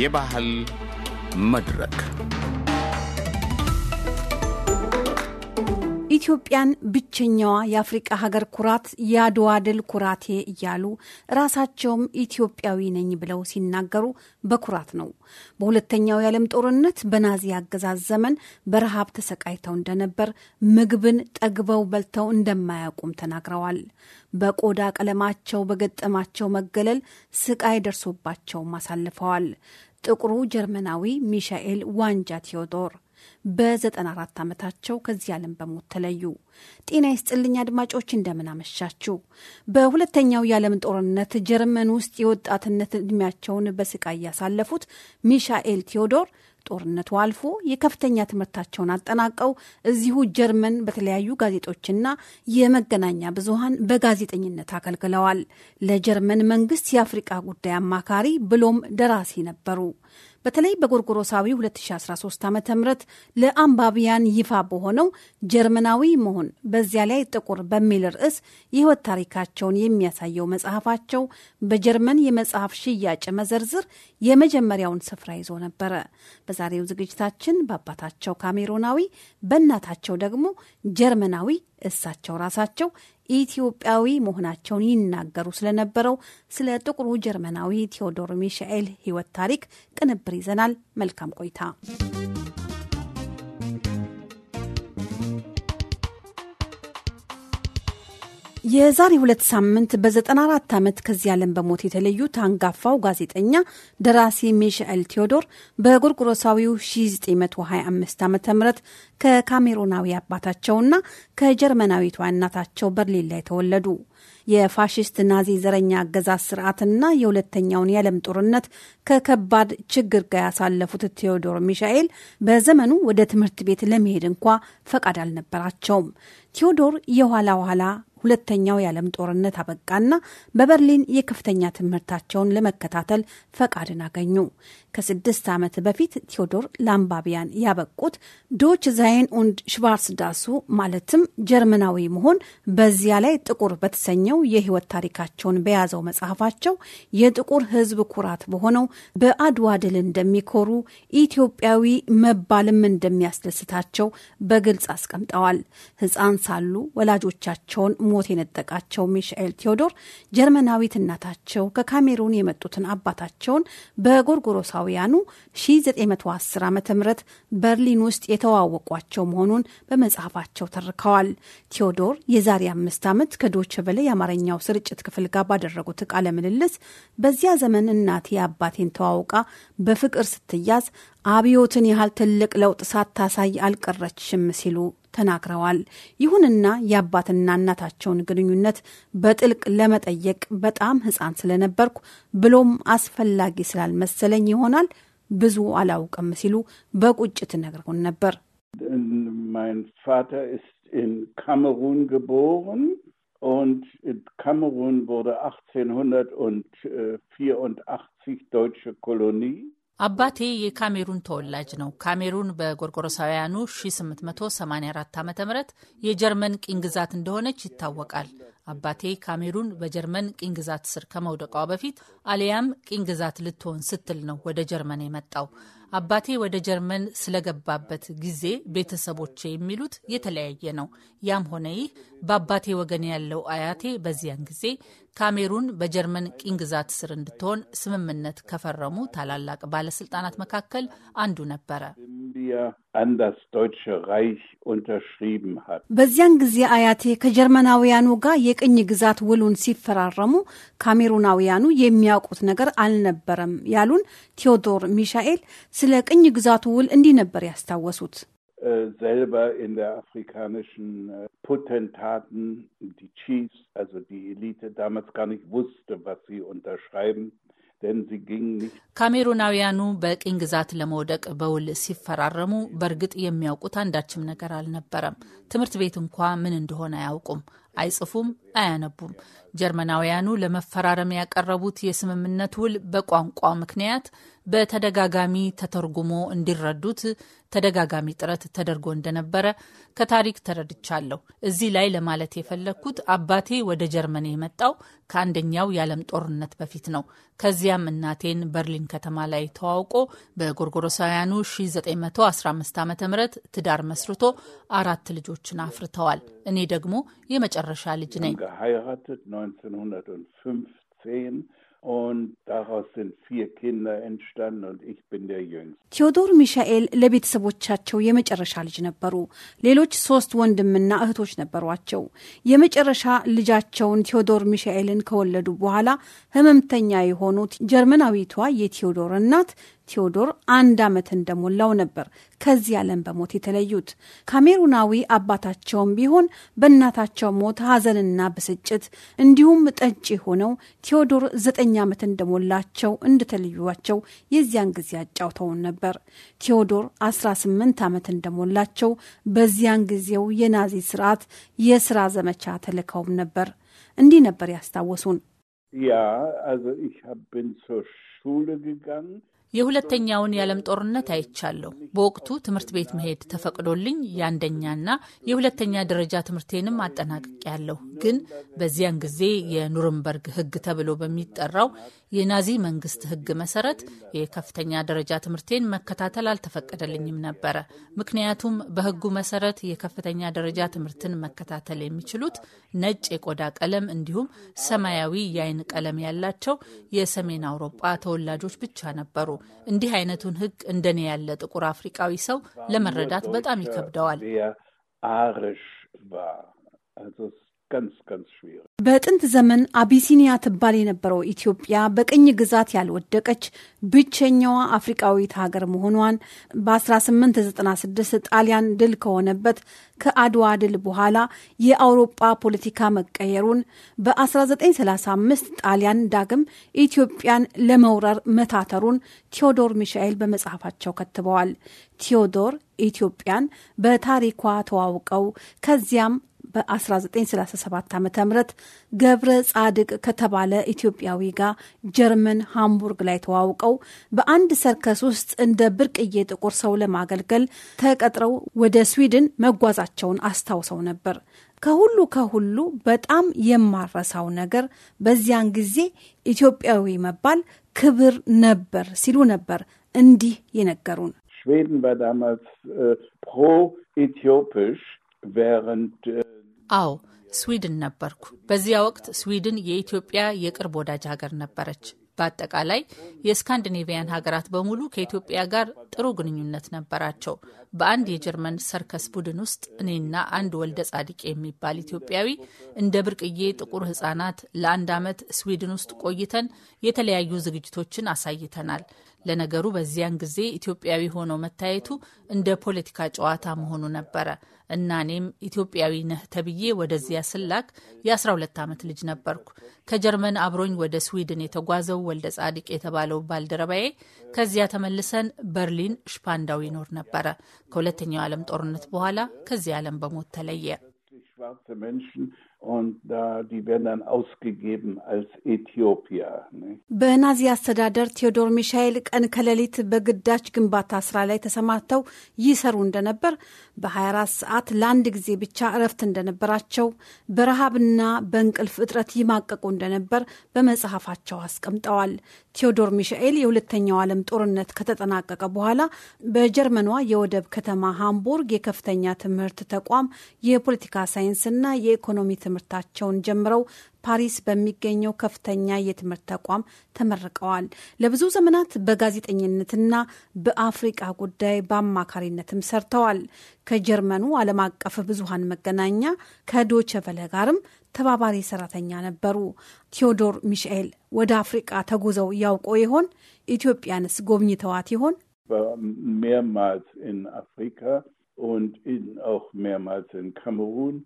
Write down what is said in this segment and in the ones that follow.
የባህል መድረክ ኢትዮጵያን ብቸኛዋ የአፍሪቃ ሀገር ኩራት የአድዋ ድል ኩራቴ እያሉ ራሳቸውም ኢትዮጵያዊ ነኝ ብለው ሲናገሩ በኩራት ነው። በሁለተኛው የዓለም ጦርነት በናዚ አገዛዝ ዘመን በረሃብ ተሰቃይተው እንደነበር፣ ምግብን ጠግበው በልተው እንደማያውቁም ተናግረዋል። በቆዳ ቀለማቸው በገጠማቸው መገለል ስቃይ ደርሶባቸውም አሳልፈዋል። ጥቁሩ ጀርመናዊ ሚሻኤል ዋንጃ ቴዎዶር በ94 ዓመታቸው ከዚህ ዓለም በሞት ተለዩ። ጤና ይስጥልኝ አድማጮች፣ እንደምናመሻችሁ። በሁለተኛው የዓለም ጦርነት ጀርመን ውስጥ የወጣትነት ዕድሜያቸውን በስቃይ ያሳለፉት ሚሻኤል ቴዎዶር ጦርነቱ አልፎ የከፍተኛ ትምህርታቸውን አጠናቀው እዚሁ ጀርመን በተለያዩ ጋዜጦችና የመገናኛ ብዙሀን በጋዜጠኝነት አገልግለዋል። ለጀርመን መንግስት የአፍሪቃ ጉዳይ አማካሪ ብሎም ደራሲ ነበሩ። በተለይ በጎርጎሮሳዊ 2013 ዓ ም ለአንባቢያን ይፋ በሆነው ጀርመናዊ መሆን በዚያ ላይ ጥቁር በሚል ርዕስ የህይወት ታሪካቸውን የሚያሳየው መጽሐፋቸው በጀርመን የመጽሐፍ ሽያጭ መዘርዝር የመጀመሪያውን ስፍራ ይዞ ነበረ። በዛሬው ዝግጅታችን በአባታቸው ካሜሮናዊ፣ በእናታቸው ደግሞ ጀርመናዊ እሳቸው ራሳቸው ኢትዮጵያዊ መሆናቸውን ይናገሩ ስለነበረው ስለ ጥቁሩ ጀርመናዊ ቴዎዶር ሚሻኤል ሕይወት ታሪክ ቅንብር ይዘናል። መልካም ቆይታ የዛሬ ሁለት ሳምንት በ94 ዓመት ከዚህ ዓለም በሞት የተለዩት አንጋፋው ጋዜጠኛ ደራሲ ሚሻኤል ቴዎዶር በጎርጎሮሳዊው 1925 ዓ ም ከካሜሮናዊ አባታቸውና ከጀርመናዊቷ እናታቸው በርሊን ላይ ተወለዱ። የፋሽስት ናዚ ዘረኛ አገዛዝ ስርዓትና የሁለተኛውን የዓለም ጦርነት ከከባድ ችግር ጋር ያሳለፉት ቴዎዶር ሚሻኤል በዘመኑ ወደ ትምህርት ቤት ለመሄድ እንኳ ፈቃድ አልነበራቸውም። ቴዎዶር የኋላ ኋላ ሁለተኛው የዓለም ጦርነት አበቃና በበርሊን የከፍተኛ ትምህርታቸውን ለመከታተል ፈቃድን አገኙ። ከስድስት ዓመት በፊት ቴዎዶር ለአንባቢያን ያበቁት ዶች ዛይን ኡንድ ሽቫርስ ዳሱ ማለትም ጀርመናዊ መሆን በዚያ ላይ ጥቁር በተሰ የተሰኘው የህይወት ታሪካቸውን በያዘው መጽሐፋቸው የጥቁር ህዝብ ኩራት በሆነው በአድዋ ድል እንደሚኮሩ ኢትዮጵያዊ መባልም እንደሚያስደስታቸው በግልጽ አስቀምጠዋል። ህፃን ሳሉ ወላጆቻቸውን ሞት የነጠቃቸው ሚሻኤል ቴዎዶር ጀርመናዊት እናታቸው ከካሜሩን የመጡትን አባታቸውን በጎርጎሮሳውያኑ 1910 ዓ ም በርሊን ውስጥ የተዋወቋቸው መሆኑን በመጽሐፋቸው ተርከዋል። ቴዎዶር የዛሬ አምስት ዓመት ከዶች ከተባለ የአማርኛው ስርጭት ክፍል ጋር ባደረጉት ቃለ ምልልስ በዚያ ዘመን እናቴ አባቴን ተዋውቃ በፍቅር ስትያዝ አብዮትን ያህል ትልቅ ለውጥ ሳታሳይ አልቀረችም ሲሉ ተናግረዋል። ይሁንና የአባትና እናታቸውን ግንኙነት በጥልቅ ለመጠየቅ በጣም ሕፃን ስለነበርኩ ብሎም አስፈላጊ ስላልመሰለኝ ይሆናል ብዙ አላውቅም ሲሉ በቁጭት ነግረውን ነበር። Und in Kamerun wurde 1884 äh, deutsche Kolonie. አባቴ የካሜሩን ተወላጅ ነው። ካሜሩን በጎርጎሮሳውያኑ 1884 ዓ ም የጀርመን ቅኝ ግዛት እንደሆነች ይታወቃል። አባቴ ካሜሩን በጀርመን ቅኝ ግዛት ስር ከመውደቋ በፊት አሊያም ቅኝ ግዛት ልትሆን ስትል ነው ወደ ጀርመን የመጣው። አባቴ ወደ ጀርመን ስለገባበት ጊዜ ቤተሰቦቼ የሚሉት የተለያየ ነው። ያም ሆነ ይህ በአባቴ ወገን ያለው አያቴ በዚያን ጊዜ ካሜሩን በጀርመን ቅኝ ግዛት ስር እንድትሆን ስምምነት ከፈረሙ ታላላቅ ባለስልጣናት መካከል አንዱ ነበረ። unterschrieben hat። በዚያን ጊዜ አያቴ ከጀርመናውያኑ ጋር የቅኝ ግዛት ውሉን ሲፈራረሙ ካሜሩናውያኑ የሚያውቁት ነገር አልነበረም ያሉን ቴዎዶር ሚሻኤል ስለ ቅኝ ግዛቱ ውል እንዲህ ነበር ያስታወሱት። selber in der afrikanischen Potentaten, die Chiefs, also die Elite damals gar nicht wusste, was sie unterschreiben. ካሜሩናውያኑ በቅኝ ግዛት ለመውደቅ በውል ሲፈራረሙ በእርግጥ የሚያውቁት አንዳችም ነገር አልነበረም። ትምህርት ቤት እንኳ ምን እንደሆነ አያውቁም። አይጽፉም፣ አያነቡም። ጀርመናውያኑ ለመፈራረም ያቀረቡት የስምምነት ውል በቋንቋ ምክንያት በተደጋጋሚ ተተርጉሞ እንዲረዱት ተደጋጋሚ ጥረት ተደርጎ እንደነበረ ከታሪክ ተረድቻለሁ። እዚህ ላይ ለማለት የፈለግኩት አባቴ ወደ ጀርመን የመጣው ከአንደኛው የዓለም ጦርነት በፊት ነው። ከዚያም እናቴን በርሊን ከተማ ላይ ተዋውቆ በጎርጎሮሳውያኑ 1915 ዓ ም ትዳር መስርቶ አራት ልጆችን አፍርተዋል። እኔ ደግሞ የመጨረ የመጨረሻ ልጅ ነኝ። und daraus sind vier Kinder entstanden und ich bin der Jüngste. ቴዎዶር ሚሻኤል ለቤተሰቦቻቸው የመጨረሻ ልጅ ነበሩ። ሌሎች ሶስት ወንድምና እህቶች ነበሯቸው። የመጨረሻ ልጃቸውን ቴዎዶር ሚሻኤልን ከወለዱ በኋላ ህመምተኛ የሆኑት ጀርመናዊቷ የቴዎዶር እናት ቴዎዶር አንድ ዓመት እንደሞላው ነበር ከዚህ ዓለም በሞት የተለዩት። ካሜሩናዊ አባታቸውም ቢሆን በእናታቸው ሞት ሐዘንና ብስጭት እንዲሁም ጠጪ ሆነው ቴዎዶር ዘጠኝ ዓመት እንደሞላቸው እንደተለዩቸው የዚያን ጊዜ አጫውተውን ነበር። ቴዎዶር 18 ዓመት እንደሞላቸው በዚያን ጊዜው የናዚ ስርዓት የስራ ዘመቻ ተልከውም ነበር። እንዲህ ነበር ያስታወሱን። የሁለተኛውን የዓለም ጦርነት አይቻለሁ። በወቅቱ ትምህርት ቤት መሄድ ተፈቅዶልኝ የአንደኛና የሁለተኛ ደረጃ ትምህርቴንም አጠናቅቄያለሁ። ግን በዚያን ጊዜ የኑርንበርግ ሕግ ተብሎ በሚጠራው የናዚ መንግስት ሕግ መሰረት የከፍተኛ ደረጃ ትምህርቴን መከታተል አልተፈቀደልኝም ነበረ። ምክንያቱም በሕጉ መሰረት የከፍተኛ ደረጃ ትምህርትን መከታተል የሚችሉት ነጭ የቆዳ ቀለም እንዲሁም ሰማያዊ የአይን ቀለም ያላቸው የሰሜን አውሮፓ ተወላጆች ብቻ ነበሩ። እንዲህ አይነቱን ህግ እንደኔ ያለ ጥቁር አፍሪቃዊ ሰው ለመረዳት በጣም ይከብደዋል። ganz, ganz schwierig. በጥንት ዘመን አቢሲኒያ ትባል የነበረው ኢትዮጵያ በቅኝ ግዛት ያልወደቀች ብቸኛዋ አፍሪካዊት ሀገር መሆኗን በ1896 ጣሊያን ድል ከሆነበት ከአድዋ ድል በኋላ የአውሮጳ ፖለቲካ መቀየሩን በ1935 ጣሊያን ዳግም ኢትዮጵያን ለመውረር መታተሩን ቴዎዶር ሚሻኤል በመጽሐፋቸው ከትበዋል። ቴዎዶር ኢትዮጵያን በታሪኳ ተዋውቀው ከዚያም በ1937 ዓ ም ገብረ ጻድቅ ከተባለ ኢትዮጵያዊ ጋር ጀርመን ሃምቡርግ ላይ ተዋውቀው በአንድ ሰርከስ ውስጥ እንደ ብርቅዬ ጥቁር ሰው ለማገልገል ተቀጥረው ወደ ስዊድን መጓዛቸውን አስታውሰው ነበር። ከሁሉ ከሁሉ በጣም የማረሳው ነገር በዚያን ጊዜ ኢትዮጵያዊ መባል ክብር ነበር ሲሉ ነበር እንዲህ የነገሩን። ስዊድን በዳመት ፕሮ ኢትዮፕሽ pro አዎ ስዊድን ነበርኩ። በዚያ ወቅት ስዊድን የኢትዮጵያ የቅርብ ወዳጅ ሀገር ነበረች። በአጠቃላይ የስካንዲኔቪያን ሀገራት በሙሉ ከኢትዮጵያ ጋር ጥሩ ግንኙነት ነበራቸው። በአንድ የጀርመን ሰርከስ ቡድን ውስጥ እኔና አንድ ወልደ ጻድቅ የሚባል ኢትዮጵያዊ እንደ ብርቅዬ ጥቁር ህጻናት ለአንድ ዓመት ስዊድን ውስጥ ቆይተን የተለያዩ ዝግጅቶችን አሳይተናል። ለነገሩ በዚያን ጊዜ ኢትዮጵያዊ ሆኖ መታየቱ እንደ ፖለቲካ ጨዋታ መሆኑ ነበረ እና እኔም ኢትዮጵያዊ ነህ ተብዬ ወደዚያ ስላክ የ12 ዓመት ልጅ ነበርኩ። ከጀርመን አብሮኝ ወደ ስዊድን የተጓዘው ወልደ ጻድቅ የተባለው ባልደረባዬ ከዚያ ተመልሰን በርሊን ሽፓንዳው ይኖር ነበረ። ከሁለተኛው ዓለም ጦርነት በኋላ ከዚህ ዓለም በሞት ተለየ። und äh, die werden dann ausgegeben als Äthiopier. Ne? በናዚ አስተዳደር ቴዎዶር ሚሻኤል ቀን ከሌሊት በግዳጅ ግንባታ ስራ ላይ ተሰማርተው ይሰሩ እንደነበር፣ በ24 ሰዓት ለአንድ ጊዜ ብቻ እረፍት እንደነበራቸው፣ በረሃብና በእንቅልፍ እጥረት ይማቀቁ እንደነበር በመጽሐፋቸው አስቀምጠዋል። ቴዎዶር ሚሻኤል የሁለተኛው ዓለም ጦርነት ከተጠናቀቀ በኋላ በጀርመኗ የወደብ ከተማ ሃምቡርግ የከፍተኛ ትምህርት ተቋም የፖለቲካ ሳይንስና የኢኮኖሚ ትምህርታቸውን ጀምረው ፓሪስ በሚገኘው ከፍተኛ የትምህርት ተቋም ተመርቀዋል። ለብዙ ዘመናት በጋዜጠኝነትና በአፍሪቃ ጉዳይ በአማካሪነትም ሰርተዋል። ከጀርመኑ ዓለም አቀፍ ብዙሀን መገናኛ ከዶቸቨለ ጋርም ተባባሪ ሰራተኛ ነበሩ። ቴዎዶር ሚሻኤል ወደ አፍሪቃ ተጉዘው ያውቆ ይሆን? ኢትዮጵያንስ ጎብኝተዋት ይሆን? ሜርማልስ ኢን አፍሪካ ኦንድ ኢን ኦክ ሜርማልስ ኢን ካሜሩን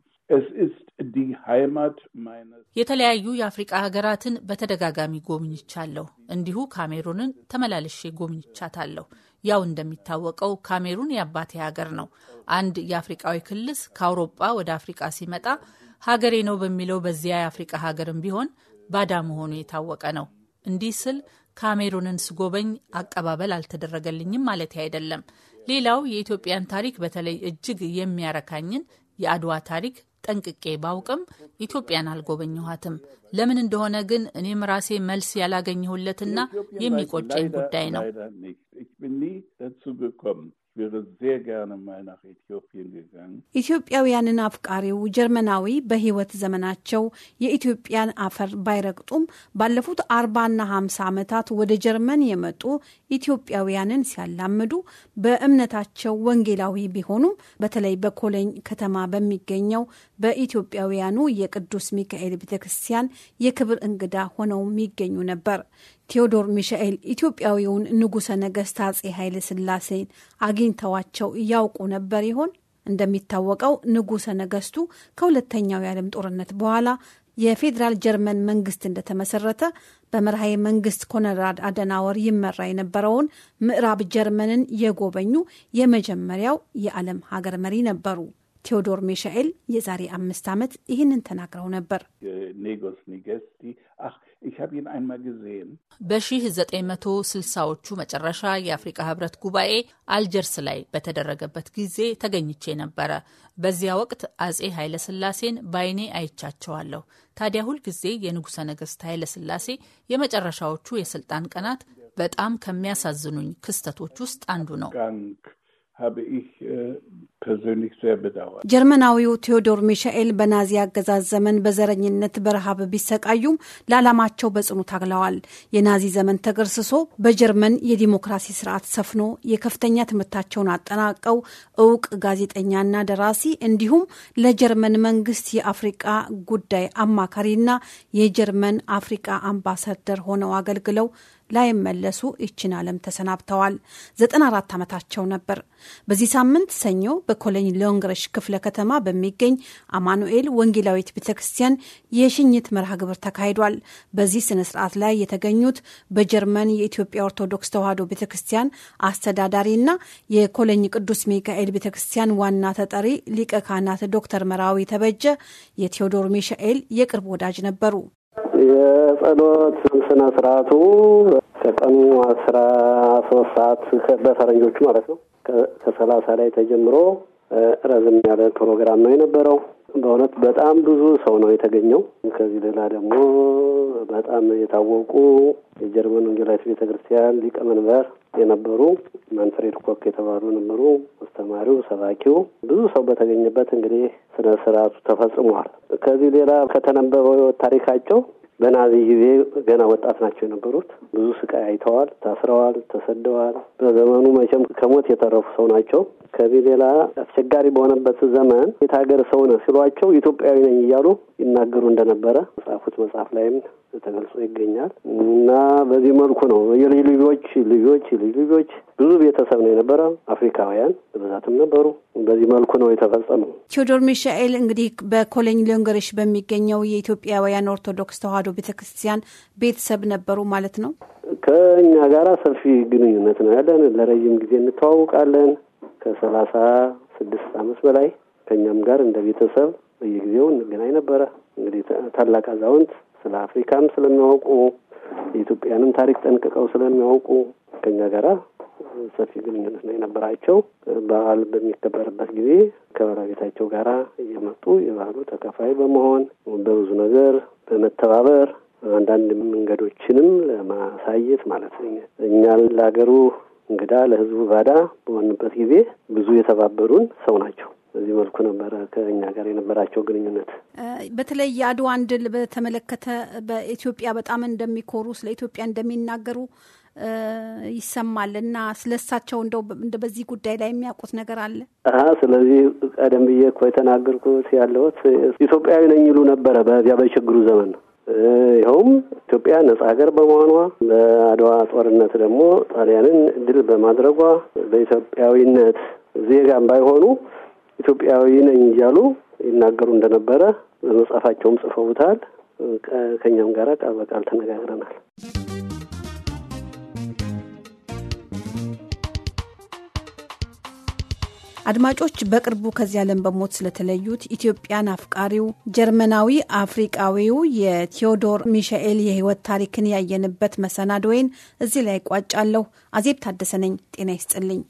የተለያዩ የአፍሪቃ ሀገራትን በተደጋጋሚ ጎብኝቻለሁ። እንዲሁ ካሜሩንን ተመላልሼ ጎብኝቻታለሁ። ያው እንደሚታወቀው ካሜሩን የአባቴ ሀገር ነው። አንድ የአፍሪቃዊ ክልስ ከአውሮጳ ወደ አፍሪቃ ሲመጣ ሀገሬ ነው በሚለው በዚያ የአፍሪቃ ሀገርም ቢሆን ባዳ መሆኑ የታወቀ ነው። እንዲህ ስል ካሜሩንን ስጎበኝ አቀባበል አልተደረገልኝም ማለት አይደለም። ሌላው የኢትዮጵያን ታሪክ በተለይ እጅግ የሚያረካኝን የአድዋ ታሪክ ጠንቅቄ ባውቅም ኢትዮጵያን አልጎበኘኋትም። ለምን እንደሆነ ግን እኔም ራሴ መልስ ያላገኘሁለትና የሚቆጨኝ ጉዳይ ነው። Ich wäre sehr gerne mal nach ኢትዮጵያ gegangen. ኢትዮጵያውያንን አፍቃሪው ጀርመናዊ በህይወት ዘመናቸው የኢትዮጵያን አፈር ባይረግጡም ባለፉት አርባና ሀምሳ ዓመታት ወደ ጀርመን የመጡ ኢትዮጵያውያንን ሲያላምዱ በእምነታቸው ወንጌላዊ ቢሆኑም በተለይ በኮሎኝ ከተማ በሚገኘው በኢትዮጵያውያኑ የቅዱስ ሚካኤል ቤተክርስቲያን የክብር እንግዳ ሆነው የሚገኙ ነበር። ቴዎዶር ሚሻኤል ኢትዮጵያዊውን ንጉሠ ነገሥት አጼ ኃይለ ሥላሴን አግኝተዋቸው ያውቁ ነበር ይሆን? እንደሚታወቀው ንጉሠ ነገሥቱ ከሁለተኛው የዓለም ጦርነት በኋላ የፌዴራል ጀርመን መንግስት እንደተመሰረተ በመርሃይ መንግስት ኮነራድ አደናወር ይመራ የነበረውን ምዕራብ ጀርመንን የጎበኙ የመጀመሪያው የዓለም ሀገር መሪ ነበሩ። ቴዎዶር ሚሻኤል የዛሬ አምስት ዓመት ይህንን ተናግረው ነበር። Ich habe ihn einmal gesehen. በ1960ዎቹ መጨረሻ የአፍሪካ ህብረት ጉባኤ አልጀርስ ላይ በተደረገበት ጊዜ ተገኝቼ ነበረ። በዚያ ወቅት አጼ ኃይለስላሴን በአይኔ አይቻቸዋለሁ። ታዲያ ሁልጊዜ የንጉሠ ነገሥት ኃይለስላሴ የመጨረሻዎቹ የስልጣን ቀናት በጣም ከሚያሳዝኑኝ ክስተቶች ውስጥ አንዱ ነው። persönlich sehr bedauert. ጀርመናዊው ቴዎዶር ሚሻኤል በናዚ አገዛዝ ዘመን በዘረኝነት በረሃብ ቢሰቃዩም ለዓላማቸው በጽኑ ታግለዋል። የናዚ ዘመን ተገርስሶ በጀርመን የዲሞክራሲ ስርዓት ሰፍኖ የከፍተኛ ትምህርታቸውን አጠናቀው እውቅ ጋዜጠኛና ደራሲ እንዲሁም ለጀርመን መንግስት የአፍሪቃ ጉዳይ አማካሪና የጀርመን አፍሪቃ አምባሳደር ሆነው አገልግለው ላይመለሱ ይችን ዓለም ተሰናብተዋል። 94 ዓመታቸው ነበር። በዚህ ሳምንት ሰኞ በኮሎኝ ሎንግረሽ ክፍለ ከተማ በሚገኝ አማኑኤል ወንጌላዊት ቤተ ክርስቲያን የሽኝት መርሃ ግብር ተካሂዷል። በዚህ ስነ ስርዓት ላይ የተገኙት በጀርመን የኢትዮጵያ ኦርቶዶክስ ተዋሕዶ ቤተ ክርስቲያን አስተዳዳሪና የኮሎኝ ቅዱስ ሚካኤል ቤተ ክርስቲያን ዋና ተጠሪ ሊቀ ካህናት ዶክተር መራዊ ተበጀ የቴዎዶር ሚሻኤል የቅርብ ወዳጅ ነበሩ። የጸሎት ስነ ስርዓቱ ከቀኑ አስራ ሶስት ሰዓት በፈረንጆቹ ማለት ነው ከሰላሳ ላይ ተጀምሮ ረዝም ያለ ፕሮግራም ነው የነበረው። በእውነት በጣም ብዙ ሰው ነው የተገኘው። ከዚህ ሌላ ደግሞ በጣም የታወቁ የጀርመን ወንጌላዊት ቤተ ክርስቲያን ሊቀመንበር የነበሩ መንፍሬድ ኮክ የተባሉ ነበሩ። አስተማሪው፣ ሰባኪው ብዙ ሰው በተገኘበት እንግዲህ ስነ ስርዓቱ ተፈጽሟል። ከዚህ ሌላ ከተነበበው ታሪካቸው በናዚ ጊዜ ገና ወጣት ናቸው የነበሩት። ብዙ ስቃይ አይተዋል፣ ታስረዋል፣ ተሰደዋል። በዘመኑ መቼም ከሞት የተረፉ ሰው ናቸው። ከዚህ ሌላ አስቸጋሪ በሆነበት ዘመን የት ሀገር ሰው ነህ ሲሏቸው ኢትዮጵያዊ ነኝ እያሉ ይናገሩ እንደነበረ መጽሐፉት መጽሐፍ ላይም ተገልጾ ይገኛል እና በዚህ መልኩ ነው የልጅ ልጆች ልጆች ልጅ ልጆች ብዙ ቤተሰብ ነው የነበረ። አፍሪካውያን በብዛትም ነበሩ። በዚህ መልኩ ነው የተፈጸመው። ቴዎዶር ሚሻኤል እንግዲህ በኮሎኝ ሎንገሪሽ በሚገኘው የኢትዮጵያውያን ኦርቶዶክስ ተዋህዶ ቤተ ክርስቲያን ቤተሰብ ነበሩ ማለት ነው። ከእኛ ጋራ ሰፊ ግንኙነት ነው ያለን። ለረዥም ጊዜ እንተዋውቃለን። ከሰላሳ ስድስት አመት በላይ ከእኛም ጋር እንደ ቤተሰብ በየጊዜው እንገናኝ ነበረ። እንግዲህ ታላቅ አዛውንት ስለ አፍሪካም ስለሚያውቁ የኢትዮጵያንም ታሪክ ጠንቅቀው ስለሚያውቁ ከኛ ጋራ ሰፊ ግንኙነት ነው የነበራቸው። በዓል በሚከበርበት ጊዜ ከባለቤታቸው ጋራ እየመጡ የባህሉ ተካፋይ በመሆን በብዙ ነገር በመተባበር አንዳንድ መንገዶችንም ለማሳየት ማለት እኛ ለሀገሩ እንግዳ ለህዝቡ ባዳ በሆንበት ጊዜ ብዙ የተባበሩን ሰው ናቸው። በዚህ መልኩ ነበረ ከእኛ ጋር የነበራቸው ግንኙነት። በተለይ የአድዋን ድል በተመለከተ በኢትዮጵያ በጣም እንደሚኮሩ ስለ ኢትዮጵያ እንደሚናገሩ ይሰማል እና ስለሳቸው እንደ በዚህ ጉዳይ ላይ የሚያውቁት ነገር አለ? ስለዚህ ቀደም ብዬ እኮ የተናገርኩት ያለሁት ኢትዮጵያዊ ነኝ ይሉ ነበረ በዚያ በችግሩ ዘመን ይኸውም ኢትዮጵያ ነጻ ሀገር በመሆኗ በአድዋ ጦርነት ደግሞ ጣሊያንን ድል በማድረጓ በኢትዮጵያዊነት ዜጋም ባይሆኑ ኢትዮጵያዊ ነኝ እያሉ ይናገሩ እንደነበረ በመጽሐፋቸውም ጽፈውታል። ከኛም ጋር ቃል በቃል ተነጋግረናል። አድማጮች በቅርቡ ከዚህ ዓለም በሞት ስለተለዩት ኢትዮጵያን አፍቃሪው ጀርመናዊ አፍሪቃዊው የቴዎዶር ሚሻኤል የሕይወት ታሪክን ያየንበት ወይን እዚህ ላይ ቋጫለሁ። አዜብ ታደሰ ነኝ። ጤና ይስጥልኝ።